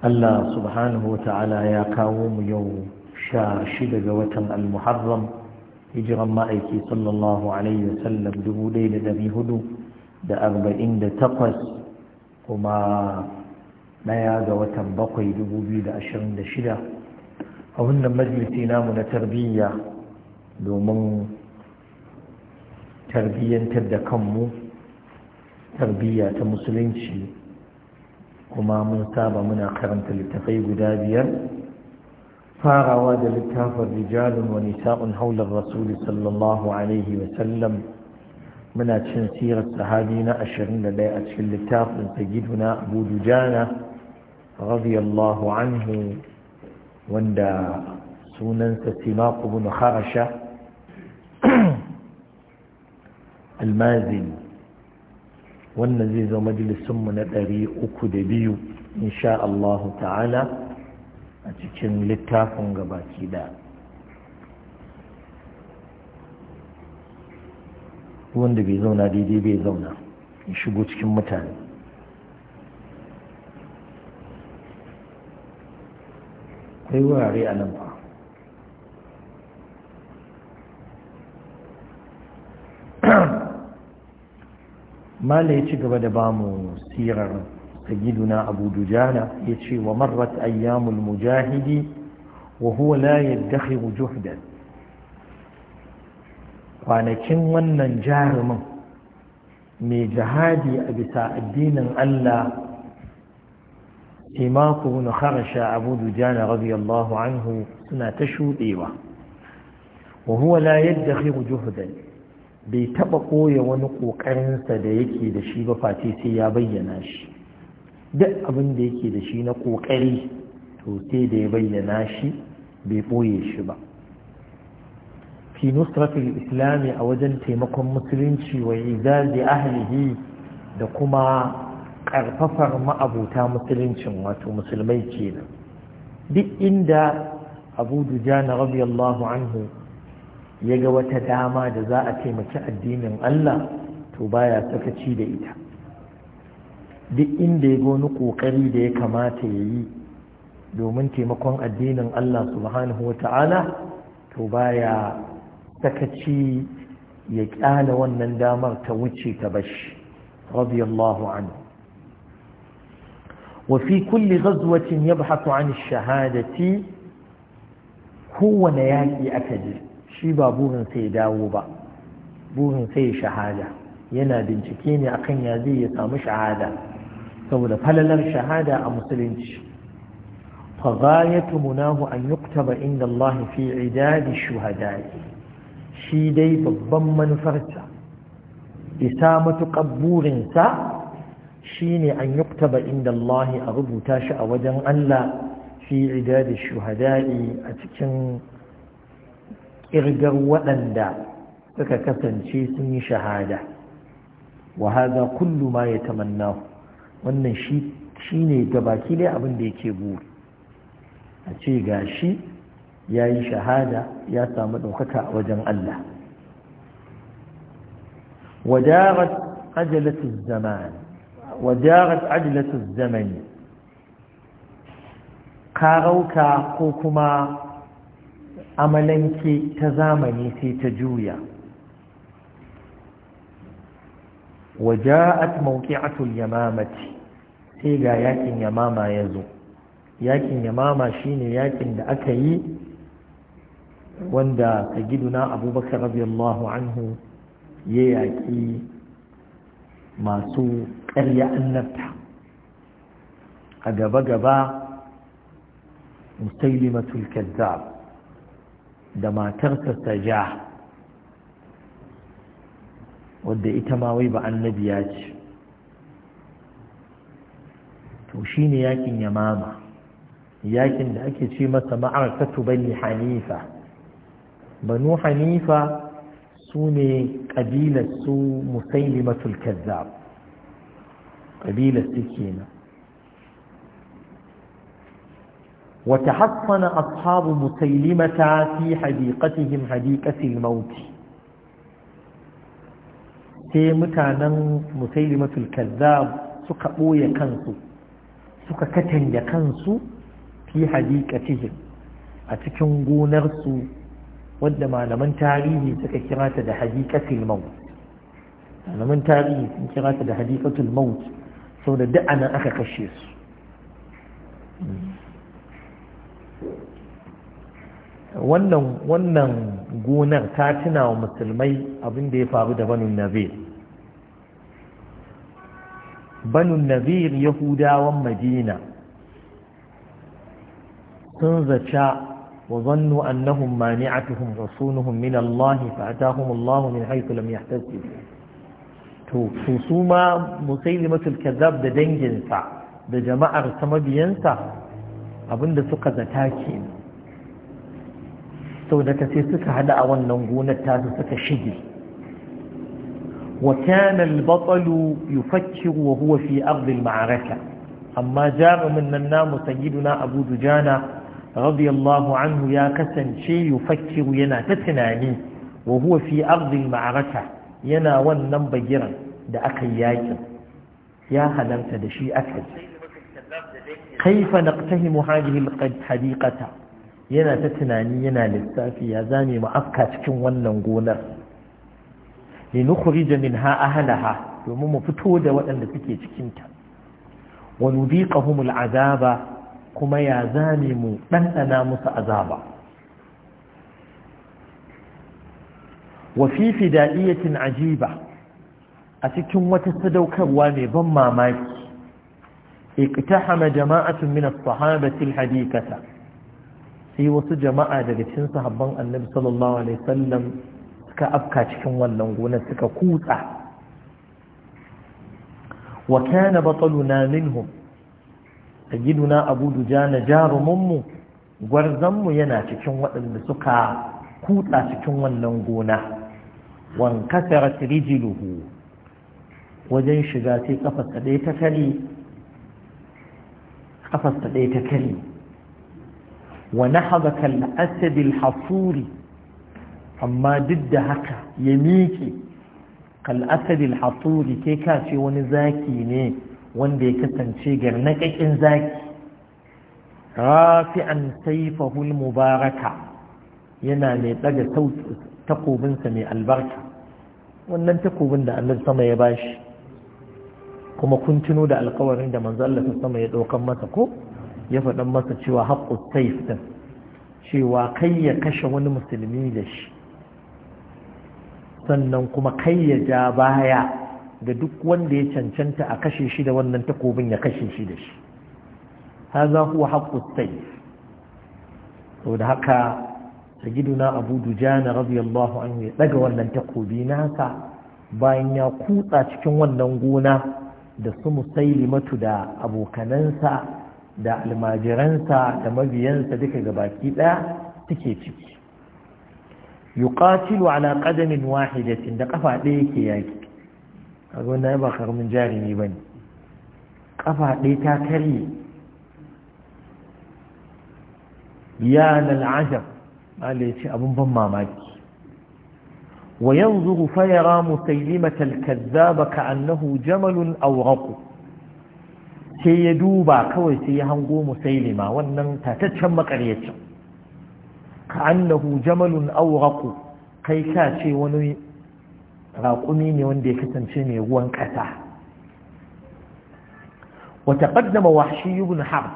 Allah subhanahu wa ta'ala ya kawo mu yau sha shida ga watan al-muharram hijiran ma'aiki sallallahu alaihi wasallam dubu ɗaya da hudu da arba'in da takwas kuma ɗaya ga watan bakwai dubu biyu da ashirin da shida a wannan majalisi namu na tarbiyya domin tarbiyyantar da kanmu tarbiyya ta musulunci kuma mun saba muna karanta littafai guda biyar farawa da littafin rijalun wa nisa'un haular rasuli sallallahu alaihi wa sallam muna cin sirar sahabi na 21 a cikin littafin sagiduna abu dujana radiyallahu anhu wanda sunansa simaku bin harasha almazin wannan zai zama majalisunmu na ɗari uku da biyu insha Allahu ta'ala a cikin littafin gabaki da wanda bai zauna daidai bai zauna in shigo cikin mutane akwai wurare a nan ba mala ya ci gaba da bamu mu sirar sayyiduna abu dujana ya ce wa marrat ayyamul mujahidi wa huwa la yaddakhiru juhdan kwanakin wannan jarumin mai jihadi a bisa addinin Allah imaku bin kharasha abu dujana radiyallahu anhu suna ta shudewa wa huwa la yaddakhiru juhdan bai taɓa ɓoye wani ƙoƙarinsa da yake da shi ba face sai ya bayyana shi duk abin da yake da shi na ƙoƙari to sai da ya bayyana shi bai ɓoye shi ba fi nusratul islami a wajen taimakon musulunci wa izazi ahlihi da kuma ƙarfafar ma'abuta musuluncin wato musulmai kenan duk inda abu dujana radiyallahu anhu ya ga wata dama da za a taimaki addinin Allah to baya sakaci da ita duk inda ya wani ƙoƙari da ya kamata ya yi domin taimakon addinin Allah subhanahu wa ta'ala to baya sakaci ya ƙyala wannan damar ta wuce ta bashi radiyallahu anhu وفي كل غزوة an عن kowane yaƙi aka je shi ba burinsa ya dawo ba burinsa ya shahada yana bincike ne akan ya zai ya samu shahada saboda falalar shahada a musulunci fagayatu munahu an yukta ba inda Allah fi idadi shi dai babban manufarta isa matuƙar burinsa shi ne an yukta ba inda a rubuta shi a wajen Allah fi idadi shuhada a cikin irgar waɗanda suka kasance sun yi shahada wa haza kullu ma ya tamanna wannan shi shine gabaki ne, abin da yake buri a ce ga shi ya yi shahada ya samu ɗaukaka a wajen Allah wadarat ajalatu zamani ka rauka karauka ko kuma amalanke ta zamani sai ta juya waja'at mawqi'atul yamamati sai ga yakin yamama ya zo yakin yamama shine yakin da aka yi wanda sayyiduna abubakar radiyallahu anhu ya yaki masu ƙarya annabta a gaba-gaba musaylimatul kazzab da matarsa ja. wadda ita ma wai ba annabiya ce to shine yakin yamama yakin da ake ce masa ma'arkatu bani hanifa banu hanifa su ne ƙabilar su musailimatul kazzab ƙabilar su kenan وتحصن أصحاب مسيلمة في حديقتهم حديقة الموت sai mutanen musailimatul kazzab suka ɓoye kansu suka katanya kansu fi hadikatihim a cikin gonarsu wadda malaman tarihi suka kira ta da maut malaman tarihi sun kira ta da hadikatul maut sau da da'ana aka kashe su wannan wannan gonar ta tuna wa musulmai abin da ya faru da banu nazir banu nazir yahudawan madina sun zaca وظنوا أنهم مانعتهم عصونهم من الله فأتاهم الله من حيث لم يحتسبوا to su ma musailimatul kazzab da danginsa da jama'ar ta mabiyansa da suka zata ke sau da ta sai suka haɗu a wannan gunar tasu suka shige wakana albatsalu yi fakin wahuwa fi abdul ma'araka amma jarumin nan namu sayiduna abu dujana radiyallahu anhu ya kasance yi fakin yana ta tunani wahuwa fi abdul ma'araka yana wannan bagiran da aka yi yaƙin. ya halarta da shi aka ji kaifa naqtahimu hadhihi alhadiqata yana ta tunani yana lissafi ya zame mu afka cikin wannan gonar li nukhrij minha ahlaha domin mu fito da waɗanda suke cikin ta wa nudiqahum al'azaba kuma ya zame mu ɗanɗana musu azaba wafifi fi ajiba a cikin wata sadaukarwa mai ban mamaki اقتحم جماعة من الصحابة hadikata, sai wasu jama'a daga cikin sahabban annabi sallallahu alaihi wasallam suka afka cikin wannan gona suka kutsa wa kana bataluna minhum sayyiduna abu dujana jarumunmu gwarzanmu yana cikin waɗanda suka kutsa cikin wannan gona wankasarat rijluhu wajen shiga sai kafa ɗaya ta kare ta ɗaya ta kare wa nahaba kal asadil hafuri, amma duk da haka ya miƙe kal asadil hafuri kai wani zaki ne wanda ya kasance garnaƙaƙin zaki rafi'an saifahul mubaraka yana mai ɗaga takobinsa mai albarka wannan takobin da annabi sama ya bashi kuma kun tuno da alkawarin da manzo Allah sama ya daukan masa ko ya faɗan masa cewa haƙƙus saif din cewa kai ya kashe wani musulmi da shi sannan kuma kai ya ja baya ga duk wanda ya cancanta a kashe shi da wannan takobin ya kashe shi da shi haza huwa haƙƙus saif to da haka sajiduna abu dujana radiyallahu anhu ya daga wannan takobi nasa bayan ya kutsa cikin wannan gona da su musaili matu da abokanansa da almajiransa da mabiyansa duka gabaki ɗaya suke ciki yuqatilu ala qadamin wahidatin da kafa ɗaya yake yaki kaga wannan ba karamin jarumi bane kafa ɗaya ta karye ya na ajab Allah ce abun ban mamaki وينظر فيرى مسيلمة الكذاب كأنه جمل أو غق سيدوبا كوي سيهنغو مسيلمة ونن تتشم مقريتشم كأنه جمل أو غق كيكاشي ونوي راقميني وندي كتنشيني وانكتا وتقدم وحشي بن حرب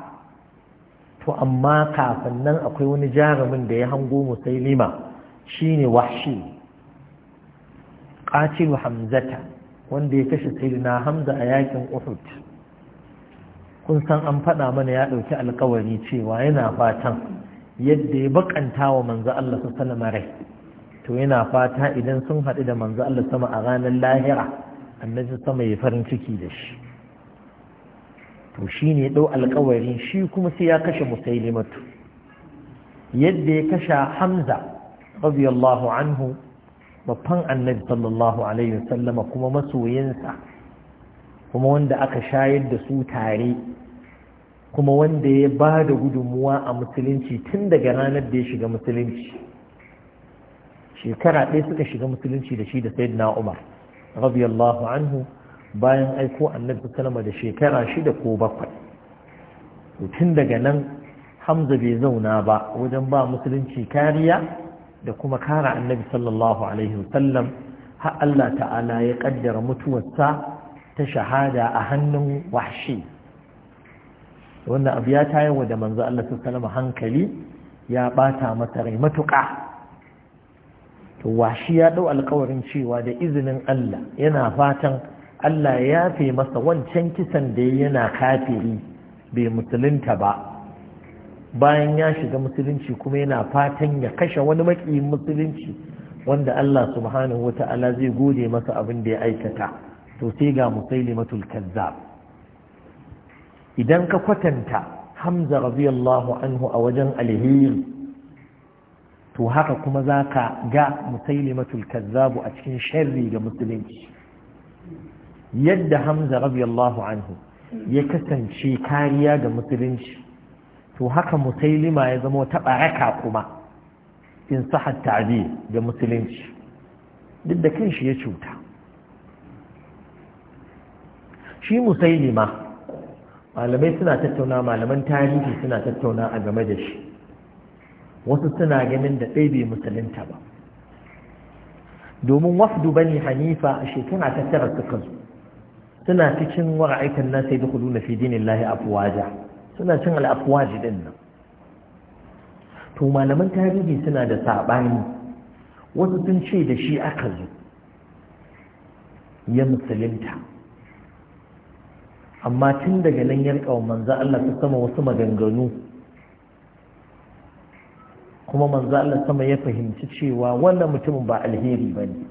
to amma kafin nan akwai wani jarumin da ya hango musailima shine wahshi qatilu hamzata wanda ya kashe sayyidina hamza a yakin uhud kun san an faɗa mana ya ɗauki alkawari cewa yana fatan yadda ya bakanta wa manzo Allah sallallahu rai to yana fata idan sun haɗu da manzo Allah sama a ranar lahira annabi sama ya farin ciki da shi to shine ɗau alkawari shi kuma sai ya kashe musailimatu yadda ya kashe hamza radiyallahu anhu babban annabi sallallahu alaihi wasallama kuma masoyinsa kuma wanda aka shayar da su tare kuma wanda ya ba da gudunmuwa a musulunci tun daga ranar da ya shiga musulunci shekara ɗaya suka shiga musulunci da shi da sayyidina umar radiyallahu anhu bayan aiko annabi sallama da shekara shida ko bakwai tun daga nan hamza bai zauna ba wajen ba musulunci kariya da kuma kara annabi sallallahu alaihi wasallam har Allah ta'ala ya kaddara mutuwarsa ta shahada a hannun wahshi wannan abu ya wa da manzo Allah sallallahu hankali ya bata masa rai matuƙa to washi ya dau alƙawarin cewa da izinin Allah yana fatan Allah ya yafe masa wancan kisan da yana kafiri bai musulunta ba bayan ya shiga musulunci kuma yana fatan ya kashe wani maki musulunci wanda Allah subhanahu wata'ala zai gode masa abin da ya aikata to sai ga musailimatul kazzab idan ka kwatanta hamza radiyallahu anhu a wajen alheri to haka kuma za ka ga musailimatul kazzabu a cikin sharri ga musulunci yadda hamza radiyallahu anhu ya kasance kariya ga musulunci to haka musailima ya zama wata baraka kuma in sahar ta'abi da musulunci duk da kanshi ya cuta shi musailima malamai suna tattauna malaman tarihi suna tattauna a game da shi wasu suna ganin da ɗaya bai musulunta ba domin wafdu bani hanifa a shekara ta tara suka zo suna cikin wara'aikan nan sai na fi dinin lahi afuwaja suna cin al'afwaji din nan to malaman tarihi suna da saɓani wasu sun ce da shi aka zo ya musulunta amma tun daga nan ya rika manzo Allah ta sama wasu maganganu kuma manzo Allah sama ya fahimci cewa wannan mutumin ba alheri ba ne,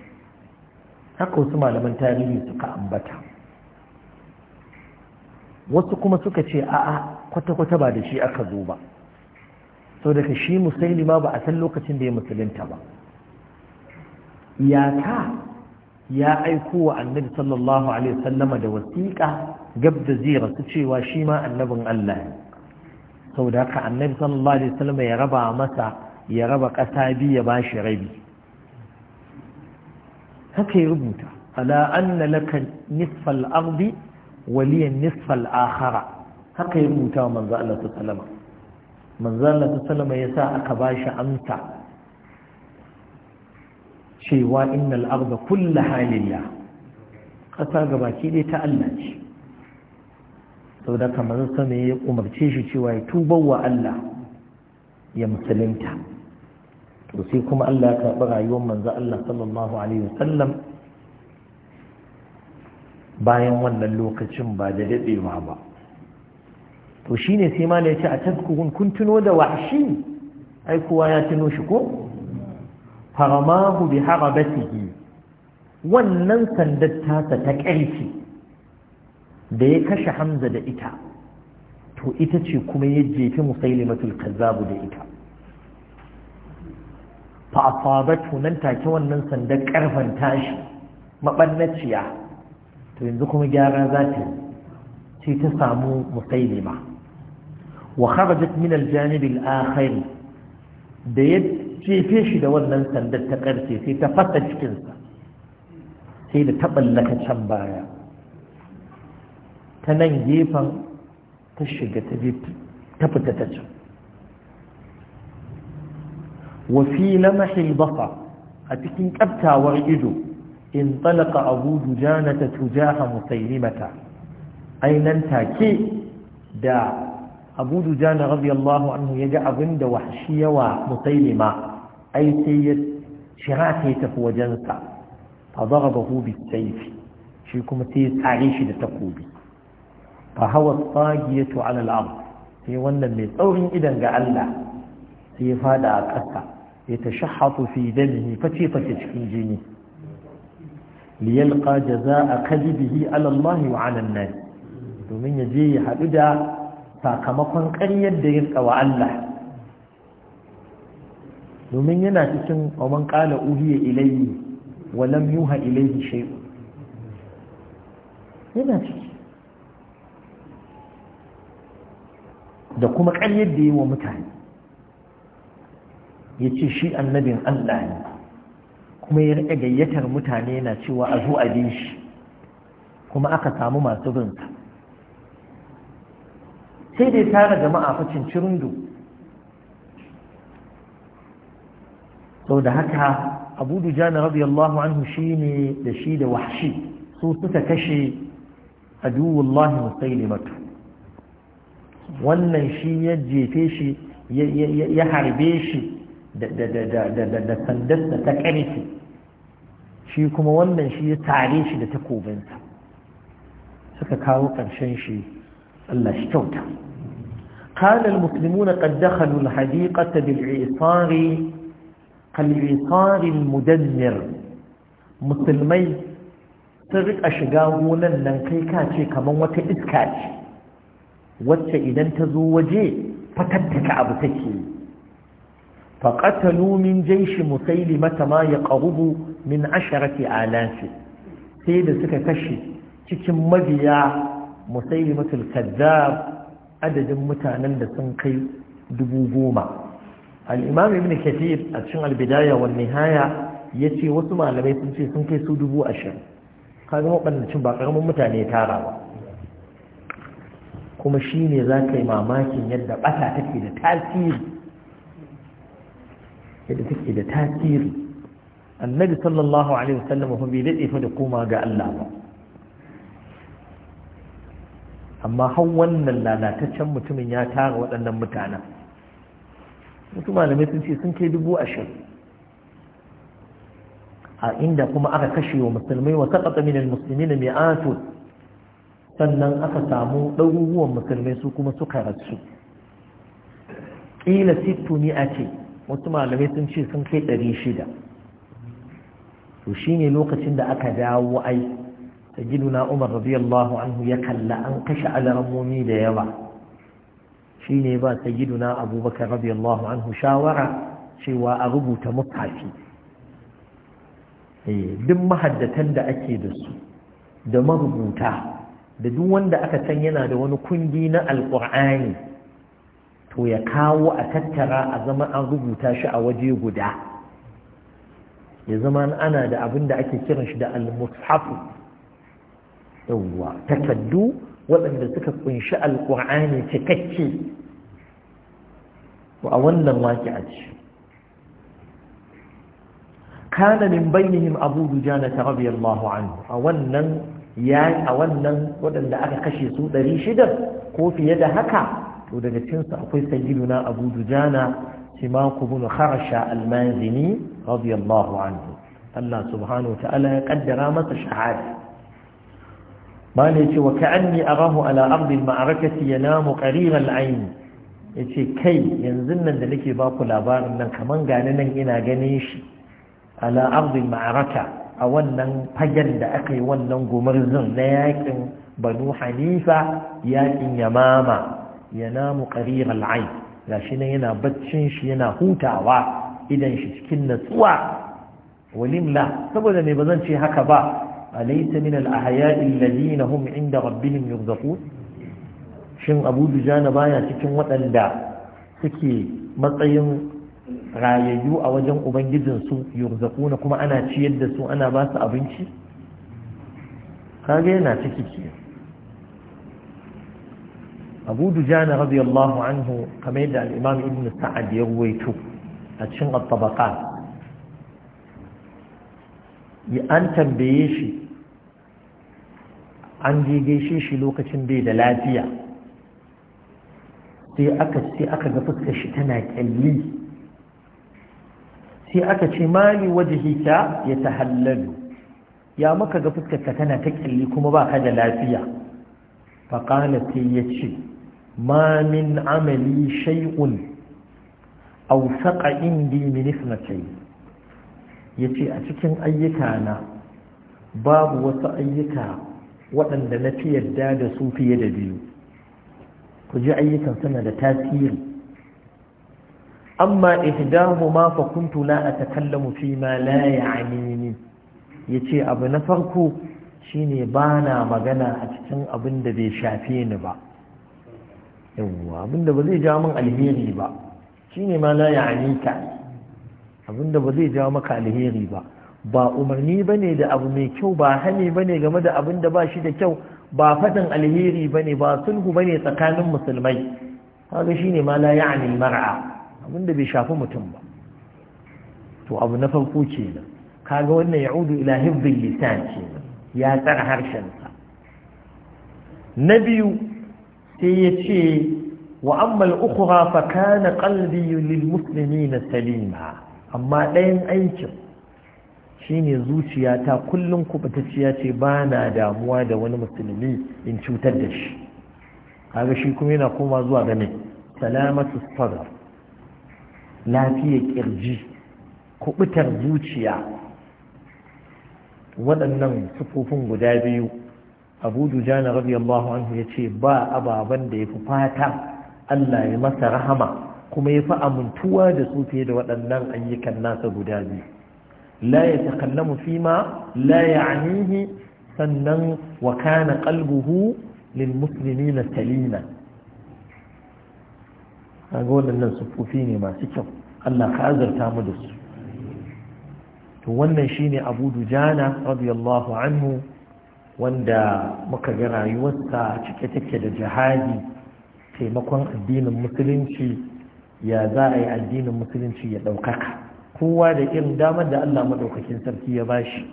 haka wasu malaman tarihi suka ambata wasu kuma suka ce a'a kwata-kwata ba da shi aka zo ba sau daga shi ma ba a san lokacin da ya musulunta ba ta ya aiko wa annabi sallallahu alaihi da wasiƙa gab da zira su cewa shi ma annabin Allah sau da haka annabi sallallahu alaihi ya raba masa ya raba ƙasa biyu ya ba shi rabi haka ya rubuta ala anna laka nisfal ardi waliyan nisfal akhara haka ya rubuta wa manzo Allah salama, manzo Allah salama ya sa aka ba shi amsa cewa innal arda kulla lillah ƙasa gabaki dai ta Allah ce sau da kamar sami ya umarce shi cewa ya tubar wa Allah ya musulunta to sai kuma Allah ya karɓi rayuwar manzo Allah sallallahu alaihi wasallam bayan wannan lokacin ba da daɗewa ba to shine sai mana ya ce a tazkurun kun tuno da washi? ai ya tuno shi ko faramahu bi harabatihi wannan sandar tasa ta ƙarfi da ya kashe hamza da ita to ita ce kuma ya jefi musailimatul kazzabu da ita fa asabatu take wannan sandar ƙarfen tashi mabannaciya to yanzu kuma gyara za ta ce ta samu musailima wa kharajat min al-janib da ya jefe shi da wannan sandar ta karfe sai ta fasa cikinsa sai da ta can baya ta nan gefen ta shiga ta je ta fita ta can wafi lamahil basa a cikin kaftawar ido in talaka abu dujana ta tujaha musailimata ainan take da abu jana radiyallahu anhu ya ji abin da wahashi yawa musailima ai sai ya shira ta tafi wajensa fa darabahu hubi sayfi shi kuma sai ya tsare shi da takobi fa hawa tsagiyatu ala al sai wannan mai tsaurin idan ga Allah sai ya fada a ƙasa ya tashahhatu fi damihi face face cikin jini liyalqa jazaa'a kadibihi bihi Allah wa an-nas domin ya je ya haɗu da sakamakon ƙaryar da yin tsawa Allah domin yana cikin oman ƙala uhiya wa walam yuha ilayi shay'un yana ciki da kuma ƙaryar da yi wa mutane ya ce shi annabin Allah ne kuma ya riƙe gayyatar mutane yana cewa a zo bin shi kuma aka samu masu binta. sai dai tara jama'a fa cincirindo to da haka abu dujana radiyallahu anhu shine da shi da wahshi su suka kashe aduwullahi musailimatu wannan shi ya jefe shi ya harbe shi da sandarsa ta ƙarfi shi kuma wannan shi ya tare shi da takobinsa suka kawo ƙarshen shi Allah shi kyauta. Kanal musulmuna kan dakhalul haɗiƙata bil'isari, kal'isarin mudannir musulmai sun riƙa shiga gonar nan kai kace kamar wata iska ce, wacce idan ta zo waje fatattaka abu take yi. Faƙatalu min jaishi musaili mata ma ya ƙarubu min asharati alafi, sai da suka kashe cikin mabiya musailimatul kazzab adadin mutanen da sun kai dubu goma al'imam ibn kathir a cikin albidaya wa nihaya ya ce wasu malamai sun ce sun kai su dubu ashirin ka zama cin ba ƙaramin mutane tara ba kuma shi ne za ka yi mamakin yadda ɓata take da tasiri yadda take da tasiri annabi sallallahu alaihi wasallam bai daɗe fa da koma ga Allah ba amma har wannan lalataccen mutumin ya tara waɗannan mutanen wasu malamai sun ce sun kai dubu ashirin a inda kuma aka kashe wa musulmai wa sakata musulmi na mi'atu sannan aka samu ɗaruruwan musulmai su kuma suka rasu ƙila sittu a ce wasu malamai sun ce sun kai ɗari shida to shine lokacin da aka dawo ai sayyiduna Umar radiyallahu anhu ya kalla an kashe alarammomi da yawa shine ba na Abubakar radiyallahu anhu shawara cewa a rubuta mutafi eh, duk mahaddatan da ake da su da marubuta da duk wanda aka san yana da wani kundi na alƙur'ani to ya kawo a tattara a zama an rubuta shi a waje guda ya zama ana da abin da ake kiran shi da al yawwa takaddu waɗanda suka kunshi alƙur'ani cikakke a wannan waki a ce kana min bainihim abu dujana ta rabi Allahu anhu a wannan ya a wannan waɗanda aka kashe su ɗari shida ko fiye da haka to daga cinsu akwai sayyiduna abu dujana simaku bin harsha almanzini radiyallahu anhu Allah subhanahu wa ta'ala ya kaddara masa shahada ما ليش وكأني أراه على أرض المعركة ينام قرير العين yace kai yanzu nan da nake ba ku labarin nan kaman gani nan ina ganin shi ala ma'araka a wannan fagen da aka yi wannan gumurzun na yakin banu hanifa yakin yamama yanamu qarir al'ayn gashi nan yana baccin shi yana hutawa idan shi cikin natsuwa walimla saboda ne bazan ce haka ba alaysa min al-ahya'i alladhina hum 'inda rabbihim yurzaqun shin Abu Dujana baya cikin waɗanda suke matsayin rayayyu a wajen ubangijinsu yurzaquna kuma ana ciyar da su ana basu su abinci kage yana ciki ke abu dujana radiyallahu anhu kamar da al'imam ibn sa'ad ya ruwaitu a cikin al-tabaqat an tambaye shi an je gaishe shi lokacin bai da lafiya sai aka sai aka ga fuskar shi tana kyalli sai aka ce mali wajhika ya tahallalu ya maka ga fuskar ka tana ta kyalli kuma ba ka da lafiya fa sai ya ce ma min amali shay'un aw saqa indi min ismatay yace a cikin ayyuka na babu wasu ayyuka waɗanda na fi yadda da su fiye da biyu ku ji ayyukan suna da tasiri amma ihdahu ma fa kuntu la atakallamu fi ma la ya'nini yace abu na farko shine bana magana a cikin abin da bai shafe ni ba yawwa abin da ba zai jawo min alheri ba shine ma la ya'nika abin da ba zai jawo maka alheri ba ba umarni bane da abu mai kyau ba hane bane game da abin da ba shi da kyau ba faɗin alheri bane ba sulhu bane tsakanin musulmai kaga ne ma la ya'ni mar'a da bai shafi mutum ba to abu na farko kenan kaga wannan ya'udu ila hifdhil lisan kenan ya tsara harshen sa na biyu sai ya ce wa amma al-ukhra fa kana qalbi lil muslimina salima amma ɗayan aikin shine zuciyata kullum kubutacciya ce ba na damuwa da wani musulmi in cutar da shi kaga shi kuma yana koma zuwa ga mai salamatu sadar lafiyar kirji kubutar zuciya waɗannan sufofin guda biyu abu dujana radiyallahu anhu ya ce ba ababen da ya fi fata allah ya masa rahama kuma ya fi amintuwa da su fiye da waɗannan ayyukan nasa guda biyu la mu fima la ya'nihi sannan wa kana qalbuhu lil muslimina salima kaga waɗannan sufufi ne masu kyau Allah ka azurta mu da to wannan shine Abu Dujana radiyallahu anhu wanda muka ga rayuwarsa cike take da jihadi taimakon addinin musulunci ya za a yi addinin musulunci ya ɗaukaka kowa da irin damar da Allah maɗaukakin sarki ya ba bashi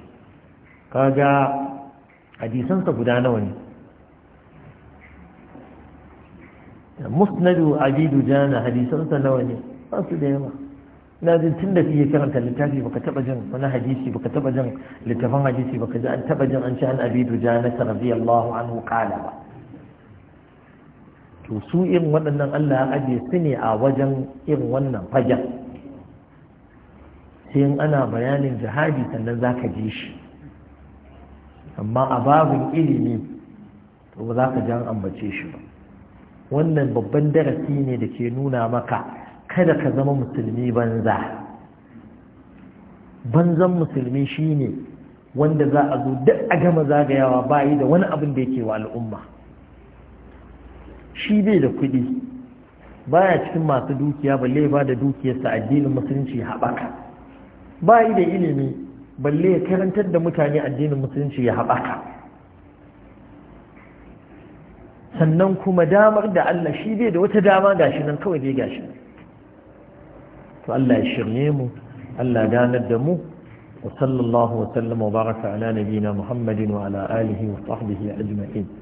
kaga hadisansa guda nawa ne musnadu abidu jana hadisansa nawa ne ba su da yawa na jin tun da fiye karanta littafi baka taba jin wani hadisi baka taba jin littafin hadisi baka ji an taba jin an ci an abidu jana ta radiyallahu anhu kala ba to su irin waɗannan Allah ya ajiye su ne a wajen irin wannan fagen sai in ana bayanin jihadi sannan za ka je shi amma a babin ilimi to ba za ka ji an ambace shi ba wannan babban darasi ne da ke nuna maka kada ka zama musulmi banza banzan musulmi shine wanda za a zo duk a gama zagayawa bayi da wani abin da yake wa al'umma shi bai da kuɗi baya cikin masu dukiya balle ba da dukiyarsa addinin musulunci haɓaka ba yi da ilimi balle ya karantar da mutane addinin musulunci ya haɓaka sannan kuma damar da Allah shi bai da wata dama gashi nan kawai zai gashi to Allah ya shirye mu Allah ganar da mu wa sallallahu wa sallama wa baraka ala nabiyina Muhammadin wa ala alihi wa sahbihi ajma'in